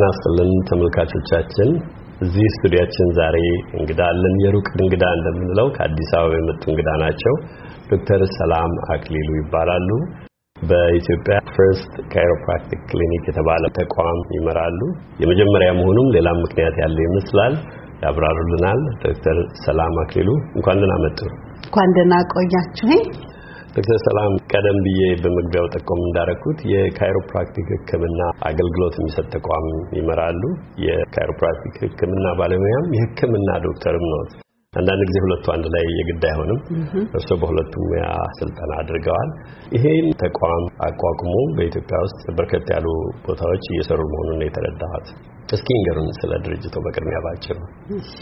ጤና ይስጥልን ተመልካቾቻችን። እዚህ ስቱዲያችን ዛሬ እንግዳ አለን። የሩቅ እንግዳ እንደምንለው ከአዲስ አበባ የመጡ እንግዳ ናቸው። ዶክተር ሰላም አክሊሉ ይባላሉ። በኢትዮጵያ ፍርስት ካይሮፕራክቲክ ክሊኒክ የተባለ ተቋም ይመራሉ። የመጀመሪያ መሆኑም ሌላም ምክንያት ያለ ይመስላል። ያብራሩልናል። ዶክተር ሰላም አክሊሉ እንኳን ደህና መጡ። እንኳን ደህና ቆያችሁኝ። ዶክተር ሰላም ቀደም ብዬ በመግቢያው ጠቆም እንዳረኩት የካይሮፕራክቲክ ሕክምና አገልግሎት የሚሰጥ ተቋም ይመራሉ። የካይሮፕራክቲክ ሕክምና ባለሙያም የሕክምና ዶክተርም ነው። አንዳንድ ጊዜ ሁለቱ አንድ ላይ የግድ አይሆንም። እርስዎ በሁለቱም ሙያ ስልጠና አድርገዋል። ይሄን ተቋም አቋቁሞ በኢትዮጵያ ውስጥ በርከት ያሉ ቦታዎች እየሰሩ መሆኑን ነው የተረዳኋት። እስኪ እንገሩን ስለ ድርጅቱ በቅድሚያ ባጭሩ። እሺ፣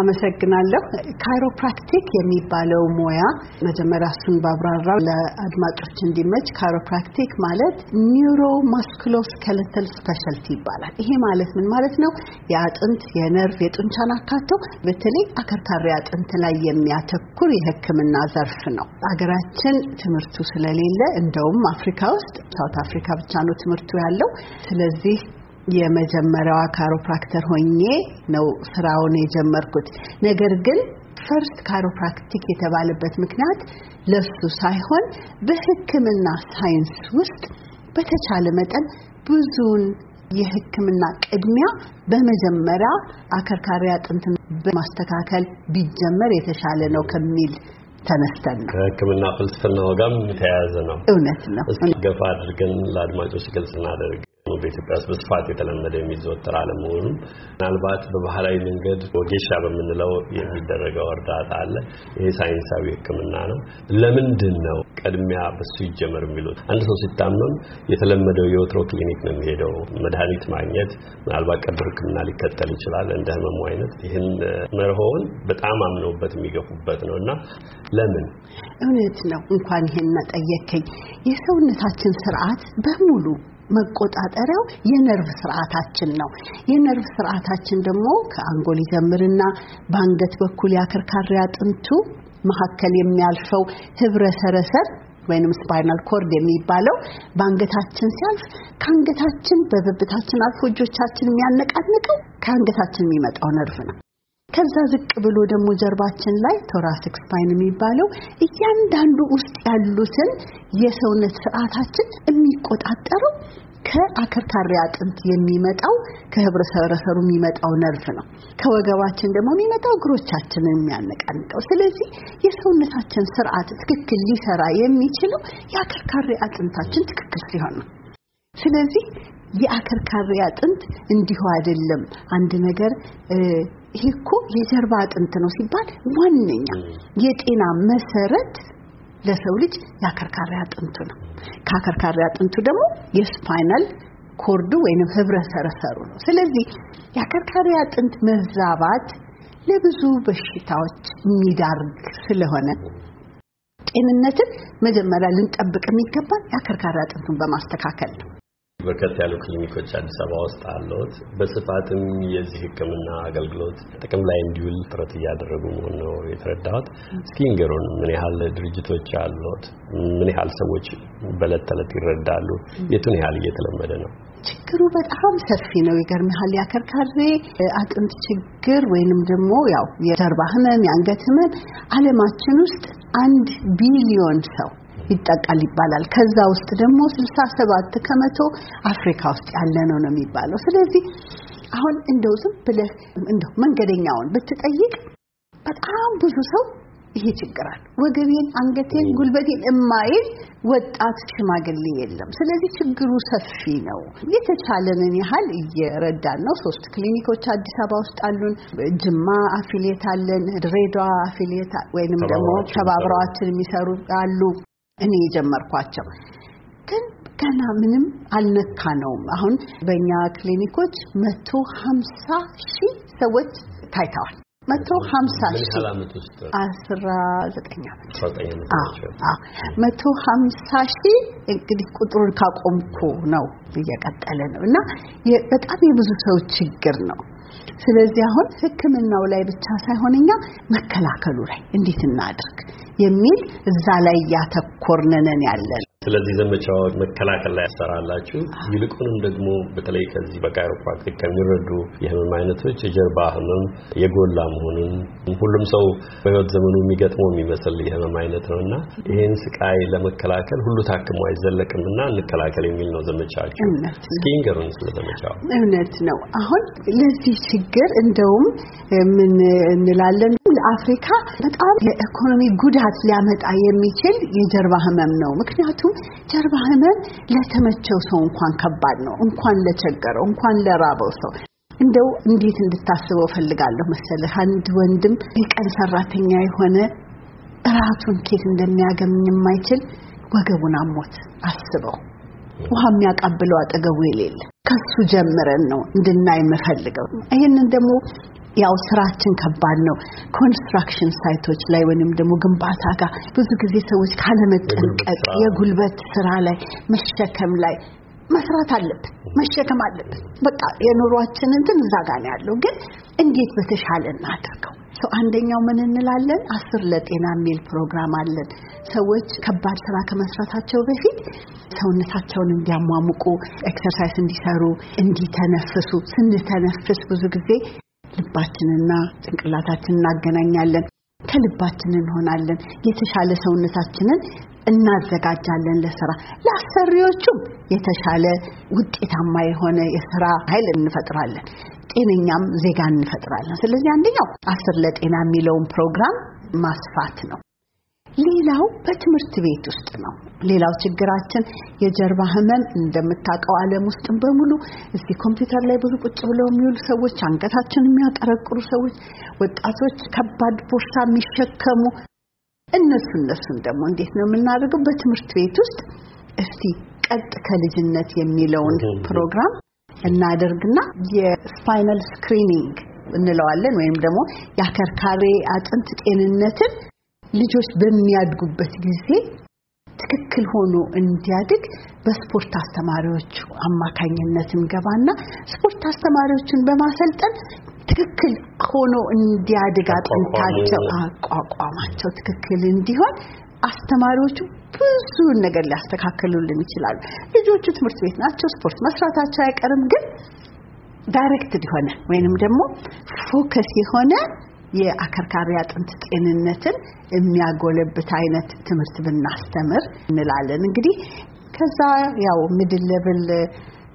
አመሰግናለሁ። ካይሮፕራክቲክ የሚባለው ሙያ መጀመሪያ እሱን ባብራራ ለአድማጮች እንዲመች፣ ካይሮፕራክቲክ ማለት ኒውሮ ማስኩሎስኬለተል ስፔሻልቲ ይባላል። ይሄ ማለት ምን ማለት ነው? የአጥንት የነርቭ፣ የጡንቻን አካቶ በተለይ አከርካሪ አጥንት ላይ የሚያተኩር የሕክምና ዘርፍ ነው። አገራችን ትምህርቱ ስለሌለ እንደውም አፍሪካ ውስጥ ሳውት አፍሪካ ብቻ ነው ትምህርቱ ያለው። ስለዚህ የመጀመሪያዋ ካሮፕራክተር ሆኜ ነው ስራውን የጀመርኩት። ነገር ግን ፈርስት ካሮፕራክቲክ የተባለበት ምክንያት ለሱ ሳይሆን በሕክምና ሳይንስ ውስጥ በተቻለ መጠን ብዙውን የሕክምና ቅድሚያ በመጀመሪያ አከርካሪ አጥንትን በማስተካከል ቢጀመር የተሻለ ነው ከሚል ተነስተን ነው። ከሕክምና ፍልስፍና ጋርም የተያያዘ ነው። እውነት ነው። ገፋ አድርገን ለአድማጮች ግልጽ እናደርግ። በኢትዮጵያ ውስጥ በስፋት የተለመደ የሚዘወተር አለመሆኑም ምናልባት በባህላዊ መንገድ ወጌሻ በምንለው የሚደረገው እርዳታ አለ። ይሄ ሳይንሳዊ ሕክምና ነው። ለምንድን ነው ቅድሚያ በሱ ይጀመር የሚሉት? አንድ ሰው ሲታመም የተለመደው የወትሮ ክሊኒክ ነው የሚሄደው መድኃኒት ማግኘት፣ ምናልባት ቀዶ ሕክምና ሊከተል ይችላል እንደ ህመሙ አይነት። ይህን መርሆውን በጣም አምነውበት የሚገፉበት ነው እና ለምን እውነት ነው እንኳን ይህን ጠየከኝ የሰውነታችን ስርዓት በሙሉ መቆጣጠሪያው የነርቭ ስርዓታችን ነው። የነርቭ ስርዓታችን ደግሞ ከአንጎል ይጀምርና በአንገት በኩል የአከርካሪ አጥንቱ መካከል የሚያልፈው ህብረ ሰረሰር ወይንም ስፓይናል ኮርድ የሚባለው በአንገታችን ሲያልፍ ከአንገታችን በብብታችን አልፎ እጆቻችን የሚያነቃንቀው ከአንገታችን የሚመጣው ነርቭ ነው። ከዛ ዝቅ ብሎ ደግሞ ጀርባችን ላይ ቶራሲክ ስፓይን የሚባለው እያንዳንዱ ውስጥ ያሉትን የሰውነት ስርዓታችን የሚቆጣ። ከአከርካሪ አጥንት የሚመጣው ከህብረሰረሰሩ የሚመጣው ነርቭ ነው። ከወገባችን ደግሞ የሚመጣው እግሮቻችንን የሚያነቃንቀው። ስለዚህ የሰውነታችን ስርዓት ትክክል ሊሰራ የሚችለው የአከርካሪ አጥንታችን ትክክል ሲሆን ነው። ስለዚህ የአከርካሪ አጥንት እንዲሁ አይደለም አንድ ነገር ይሄ እኮ የጀርባ አጥንት ነው ሲባል ዋነኛ የጤና መሰረት ለሰው ልጅ የአከርካሪ አጥንቱ ነው። ከአከርካሪ አጥንቱ ደግሞ የስፓይናል ኮርዱ ወይንም ህብረ ሰረሰሩ ነው። ስለዚህ የአከርካሪ አጥንት መዛባት ለብዙ በሽታዎች የሚዳርግ ስለሆነ ጤንነትን መጀመሪያ ልንጠብቅ የሚገባል የአከርካሪ አጥንቱን በማስተካከል ነው። በርከት ያሉ ክሊኒኮች አዲስ አበባ ውስጥ አሉት። በስፋትም የዚህ ሕክምና አገልግሎት ጥቅም ላይ እንዲውል ጥረት እያደረጉ መሆን ነው የተረዳሁት። እስኪ ንገሩን፣ ምን ያህል ድርጅቶች አሉት? ምን ያህል ሰዎች በእለት ተዕለት ይረዳሉ? የቱን ያህል እየተለመደ ነው? ችግሩ በጣም ሰፊ ነው። ይገርምሃል፣ ያከርካሬ አጥንት ችግር ወይንም ደግሞ ያው የጀርባ ህመም፣ የአንገት ህመም አለማችን ውስጥ አንድ ቢሊዮን ሰው ይጠቃል ይባላል። ከዛ ውስጥ ደግሞ 67 ከመቶ አፍሪካ ውስጥ ያለ ነው ነው የሚባለው። ስለዚህ አሁን እንደው ዝም ብለህ እንደው መንገደኛውን ብትጠይቅ በጣም ብዙ ሰው ይሄ ችግር አለ፣ ወገቤን፣ አንገቴን፣ ጉልበቴን እማይል ወጣት ሽማግሌ የለም። ስለዚህ ችግሩ ሰፊ ነው። የተቻለንን ያህል እየረዳን ነው። ሶስት ክሊኒኮች አዲስ አበባ ውስጥ አሉን። ጅማ አፊሊየት አለን፣ ድሬዳዋ አፊሊየት ወይንም ደግሞ ተባብረዋችን የሚሰሩ አሉ። እኔ የጀመርኳቸው ግን ገና ምንም አልነካ ነው። አሁን በእኛ ክሊኒኮች መቶ ሀምሳ ሺህ ሰዎች ታይተዋል። መቶ ሀምሳ ሺህ አስራ ዘጠኝ ዓመት መቶ ሀምሳ ሺህ እንግዲህ ቁጥሩን ካቆምኩ ነው እየቀጠለ ነው እና በጣም የብዙ ሰው ችግር ነው። ስለዚህ አሁን ህክምናው ላይ ብቻ ሳይሆን እኛ መከላከሉ ላይ እንዴት እናድርግ የሚል እዛ ላይ ያተኮርነን ያለን ስለዚህ ዘመቻዎች መከላከል ላይ ያሰራላችሁ ይልቁንም ደግሞ በተለይ ከዚህ በቃይሮፕራክቲክ ከሚረዱ የህመም አይነቶች የጀርባ ህመም የጎላ መሆኑን ሁሉም ሰው በህይወት ዘመኑ የሚገጥመው የሚመስል የህመም አይነት ነው እና ይህን ስቃይ ለመከላከል ሁሉ ታክሞ አይዘለቅም እና እንከላከል የሚል ነው ዘመቻችሁ። እስኪ ንገሩን ስለ ዘመቻው። እውነት ነው። አሁን ለዚህ ችግር እንደውም ምን እንላለን አፍሪካ በጣም የኢኮኖሚ ጉዳት ሊያመጣ የሚችል የጀርባ ህመም ነው። ምክንያቱም ጀርባ ህመም ለተመቸው ሰው እንኳን ከባድ ነው፣ እንኳን ለቸገረው፣ እንኳን ለራበው ሰው እንደው እንዴት እንድታስበው ፈልጋለሁ መሰለህ። አንድ ወንድም የቀን ሰራተኛ የሆነ እራቱን ኬት እንደሚያገኝ የማይችል ወገቡን አሞት አስበው፣ ውሃ የሚያቃብለው አጠገቡ የሌለ ከሱ ጀምረን ነው እንድናይ የምፈልገው። ይህንን ደግሞ ያው ስራችን ከባድ ነው። ኮንስትራክሽን ሳይቶች ላይ ወይም ደግሞ ግንባታ ጋር ብዙ ጊዜ ሰዎች ካለመጠንቀቅ የጉልበት ስራ ላይ መሸከም ላይ መስራት አለብን፣ መሸከም አለብን። በቃ የኑሯችን እንትን እዛ ጋር ነው ያለው። ግን እንዴት በተሻለ እናድርገው? ሰው አንደኛው ምን እንላለን፣ አስር ለጤና የሚል ፕሮግራም አለን። ሰዎች ከባድ ስራ ከመስራታቸው በፊት ሰውነታቸውን እንዲያሟሙቁ፣ ኤክሰርሳይዝ እንዲሰሩ፣ እንዲተነፍሱ ስንተነፍስ ብዙ ጊዜ ልባችንና ጭንቅላታችን እናገናኛለን። ከልባችን እንሆናለን። የተሻለ ሰውነታችንን እናዘጋጃለን ለስራ። ለአሰሪዎቹም የተሻለ ውጤታማ የሆነ የስራ ኃይል እንፈጥራለን። ጤነኛም ዜጋ እንፈጥራለን። ስለዚህ አንደኛው አስር ለጤና የሚለውን ፕሮግራም ማስፋት ነው። ሌላው በትምህርት ቤት ውስጥ ነው። ሌላው ችግራችን የጀርባ ህመም እንደምታውቀው ዓለም ውስጥ በሙሉ እዚህ ኮምፒውተር ላይ ብዙ ቁጭ ብለው የሚውሉ ሰዎች፣ አንገታችን የሚያቀረቅሩ ሰዎች፣ ወጣቶች ከባድ ቦርሳ የሚሸከሙ እነሱ እነሱን ደግሞ እንዴት ነው የምናደርገው? በትምህርት ቤት ውስጥ እስቲ ቀጥ ከልጅነት የሚለውን ፕሮግራም እናደርግና የስፓይናል ስክሪኒንግ እንለዋለን ወይም ደግሞ የአከርካሬ አጥንት ጤንነትን ልጆች በሚያድጉበት ጊዜ ትክክል ሆኖ እንዲያድግ በስፖርት አስተማሪዎች አማካኝነት እንገባና ስፖርት አስተማሪዎችን በማሰልጠን ትክክል ሆኖ እንዲያድግ አጥንታቸው አቋቋማቸው ትክክል እንዲሆን አስተማሪዎቹ ብዙ ነገር ሊያስተካክሉልን ይችላሉ። ልጆቹ ትምህርት ቤት ናቸው፣ ስፖርት መስራታቸው አይቀርም። ግን ዳይሬክትድ የሆነ ወይንም ደግሞ ፎከስ የሆነ የአከርካሪ አጥንት ጤንነትን የሚያጎለብት አይነት ትምህርት ብናስተምር እንላለን። እንግዲህ ከዛ ያው ሚድ ሌቭል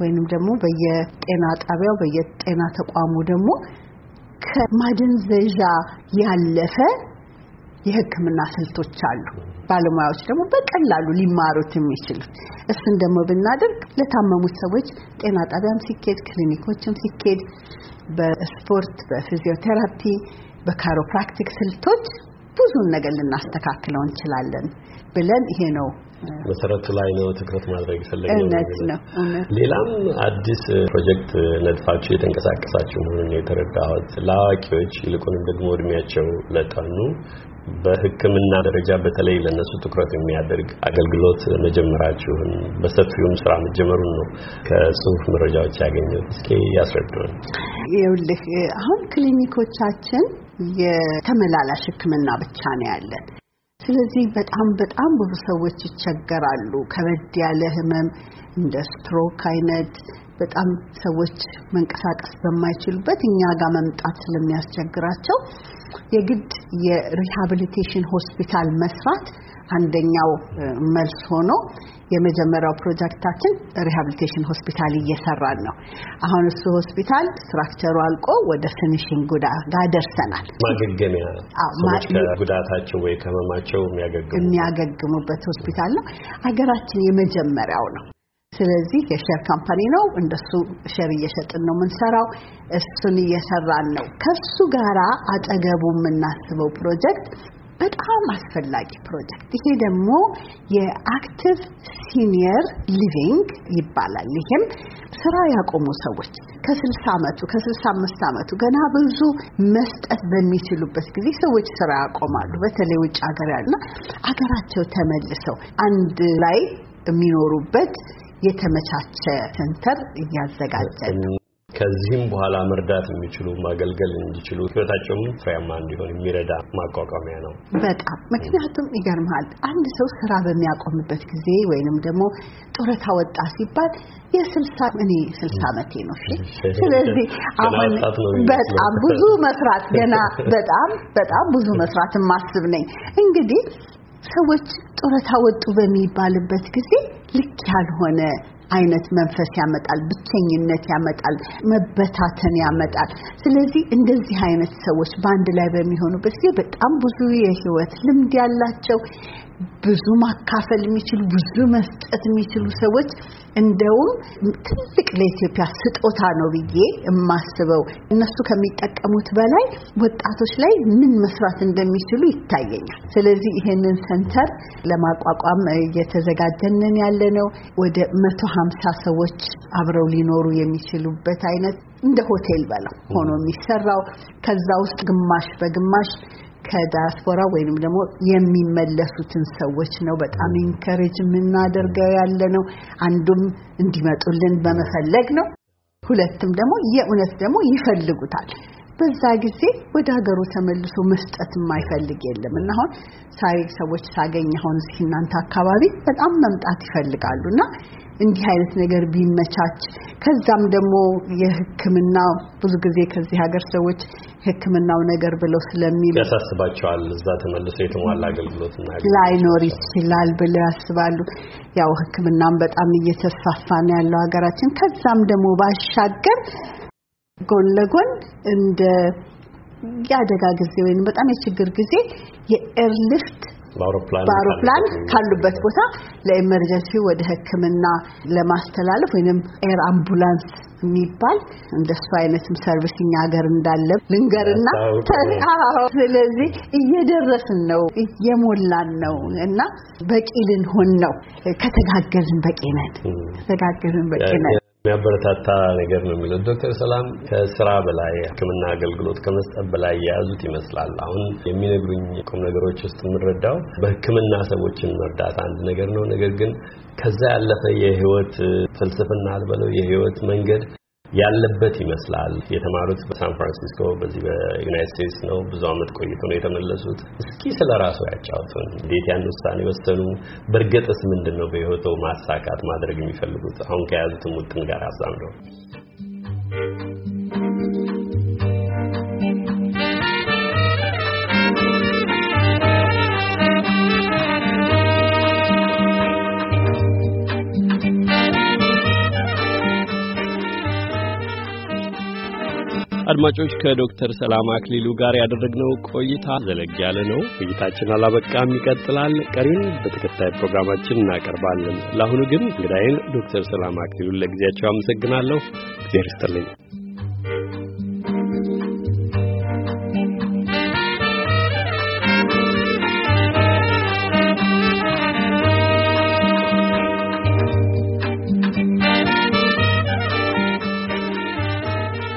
ወይንም ደግሞ በየጤና ጣቢያው በየጤና ተቋሙ ደግሞ ከማደንዘዣ ያለፈ የሕክምና ስልቶች አሉ። ባለሙያዎች ደግሞ በቀላሉ ሊማሩት የሚችሉት እሱን ደግሞ ብናደርግ ለታመሙት ሰዎች ጤና ጣቢያም ሲኬድ፣ ክሊኒኮችም ሲኬድ፣ በስፖርት በፊዚዮቴራፒ በካሮፕራክቲክ ስልቶች ብዙን ነገር ልናስተካክለው እንችላለን ብለን ይሄ ነው መሰረቱ ላይ ነው ትኩረት ማድረግ የፈለግነው ነው። ሌላም አዲስ ፕሮጀክት ነድፋችሁ የተንቀሳቀሳችሁ መሆኑን የተረዳሁት ለአዋቂዎች ይልቁንም ደግሞ እድሜያቸው ለጠኑ በሕክምና ደረጃ በተለይ ለነሱ ትኩረት የሚያደርግ አገልግሎት መጀመራችሁን በሰፊውም ስራ መጀመሩን ነው ከጽሁፍ መረጃዎች ያገኘሁት። እስኪ ያስረዱን። ይኸውልህ አሁን ክሊኒኮቻችን የተመላላሽ ሕክምና ብቻ ነው ያለን። ስለዚህ በጣም በጣም ብዙ ሰዎች ይቸገራሉ። ከበድ ያለ ህመም እንደ ስትሮክ አይነት በጣም ሰዎች መንቀሳቀስ በማይችሉበት እኛ ጋር መምጣት ስለሚያስቸግራቸው የግድ የሪሃብሊቴሽን ሆስፒታል መስራት አንደኛው መልስ ሆኖ የመጀመሪያው ፕሮጀክታችን ሪሃብሊቴሽን ሆስፒታል እየሰራን ነው። አሁን እሱ ሆስፒታል ስትራክቸሩ አልቆ ወደ ፊኒሽንግ ጉዳ ጋር ደርሰናል። ማገገሚያ ጉዳታቸው ወይ ከመማቸው የሚያገግሙበት ሆስፒታል ነው። ሀገራችን የመጀመሪያው ነው። ስለዚህ የሸር ካምፓኒ ነው። እንደሱ ሸር እየሸጥን ነው የምንሰራው። እሱን እየሰራን ነው። ከሱ ጋራ አጠገቡ የምናስበው ፕሮጀክት በጣም አስፈላጊ ፕሮጀክት። ይሄ ደግሞ የአክቲቭ ሲኒየር ሊቪንግ ይባላል። ይሄም ስራ ያቆሙ ሰዎች ከ60 ዓመቱ ከ65 ዓመቱ ገና ብዙ መስጠት በሚችሉበት ጊዜ ሰዎች ስራ ያቆማሉ። በተለይ ውጭ ሀገር ያሉና አገራቸው ተመልሰው አንድ ላይ የሚኖሩበት የተመቻቸ ሴንተር እያዘጋጀ ነው። ከዚህም በኋላ መርዳት የሚችሉ ማገልገል እንዲችሉ ህይወታቸውም ፍሬያማ እንዲሆን የሚረዳ ማቋቋሚያ ነው። በጣም ምክንያቱም ይገርምሃል፣ አንድ ሰው ስራ በሚያቆምበት ጊዜ ወይንም ደግሞ ጡረታ ወጣ ሲባል የስልሳ እኔ ስልሳ አመቴ ነው። ስለዚህ አሁን በጣም ብዙ መስራት ገና በጣም በጣም ብዙ መስራት ማስብ ነኝ። እንግዲህ ሰዎች ጡረታ ወጡ በሚባልበት ጊዜ ልክ ያልሆነ አይነት መንፈስ ያመጣል፣ ብቸኝነት ያመጣል፣ መበታተን ያመጣል። ስለዚህ እንደዚህ አይነት ሰዎች በአንድ ላይ በሚሆኑበት ጊዜ በጣም ብዙ የህይወት ልምድ ያላቸው ብዙ ማካፈል የሚችሉ ብዙ መስጠት የሚችሉ ሰዎች እንደውም ትልቅ ለኢትዮጵያ ስጦታ ነው ብዬ የማስበው እነሱ ከሚጠቀሙት በላይ ወጣቶች ላይ ምን መስራት እንደሚችሉ ይታየኛል። ስለዚህ ይህንን ሰንተር ለማቋቋም እየተዘጋጀንን ያለ ነው ወደ መቶ ሀምሳ ሰዎች አብረው ሊኖሩ የሚችሉበት አይነት እንደ ሆቴል በለው ሆኖ የሚሰራው ከዛ ውስጥ ግማሽ በግማሽ ከዳያስፖራ ወይንም ደግሞ የሚመለሱትን ሰዎች ነው በጣም ኢንከሬጅ የምናደርገው ያለ ነው። አንዱም እንዲመጡልን በመፈለግ ነው። ሁለትም ደግሞ የእውነት ደግሞ ይፈልጉታል። በዛ ጊዜ ወደ ሀገሩ ተመልሶ መስጠት የማይፈልግ የለም እና አሁን ሳይ ሰዎች ሳገኝ አሁን እስኪ እናንተ አካባቢ በጣም መምጣት ይፈልጋሉ እና እንዲህ አይነት ነገር ቢመቻች ከዛም ደግሞ የሕክምና ብዙ ጊዜ ከዚህ ሀገር ሰዎች ሕክምናው ነገር ብለው ስለሚሉ ያሳስባቸዋል። እዛ ተመልሶ የተሟላ አገልግሎት ላይኖር ይችላል ብለው ያስባሉ። ያው ሕክምናም በጣም እየተስፋፋ ነው ያለው ሀገራችን። ከዛም ደግሞ ባሻገር ጎን ለጎን እንደ የአደጋ ጊዜ ወይም በጣም የችግር ጊዜ የኤርሊፍት በአውሮፕላን ካሉበት ቦታ ለኤመርጀንሲ ወደ ሕክምና ለማስተላለፍ ወይም ኤር አምቡላንስ የሚባል እንደሱ አይነትም ሰርቪስ እኛ ሀገር እንዳለ ልንገርና፣ ስለዚህ እየደረስን ነው፣ እየሞላን ነው እና በቂ ልንሆን ነው። ከተጋገዝን በቂ ነን። ከተጋገዝን በቂ ነን። የሚያበረታታ ነገር ነው የሚለው ዶክተር ሰላም ከስራ በላይ ሕክምና አገልግሎት ከመስጠት በላይ የያዙት ይመስላል። አሁን የሚነግሩኝ ቁም ነገሮች ውስጥ የምንረዳው በሕክምና ሰዎችን መርዳት አንድ ነገር ነው። ነገር ግን ከዛ ያለፈ የህይወት ፍልስፍና አልበለው የህይወት መንገድ ያለበት ይመስላል። የተማሩት በሳን ፍራንሲስኮ በዚህ በዩናይት ስቴትስ ነው። ብዙ ዓመት ቆይቶ ነው የተመለሱት። እስኪ ስለ ራሱ ያጫውቱን። እንዴት ያን ውሳኔ ወሰኑ? በእርግጥስ ምንድን ነው በህይወቶ ማሳካት ማድረግ የሚፈልጉት አሁን ከያዙትም ውጥን ጋር አዛምደው? አድማጮች ከዶክተር ሰላም አክሊሉ ጋር ያደረግነው ቆይታ ዘለግ ያለ ነው። ቆይታችን አላበቃም፣ ይቀጥላል። ቀሪውን በተከታይ ፕሮግራማችን እናቀርባለን። ለአሁኑ ግን እንግዳይን ዶክተር ሰላም አክሊሉን ለጊዜያቸው አመሰግናለሁ። እግዚአብሔር ይስጥልኝ።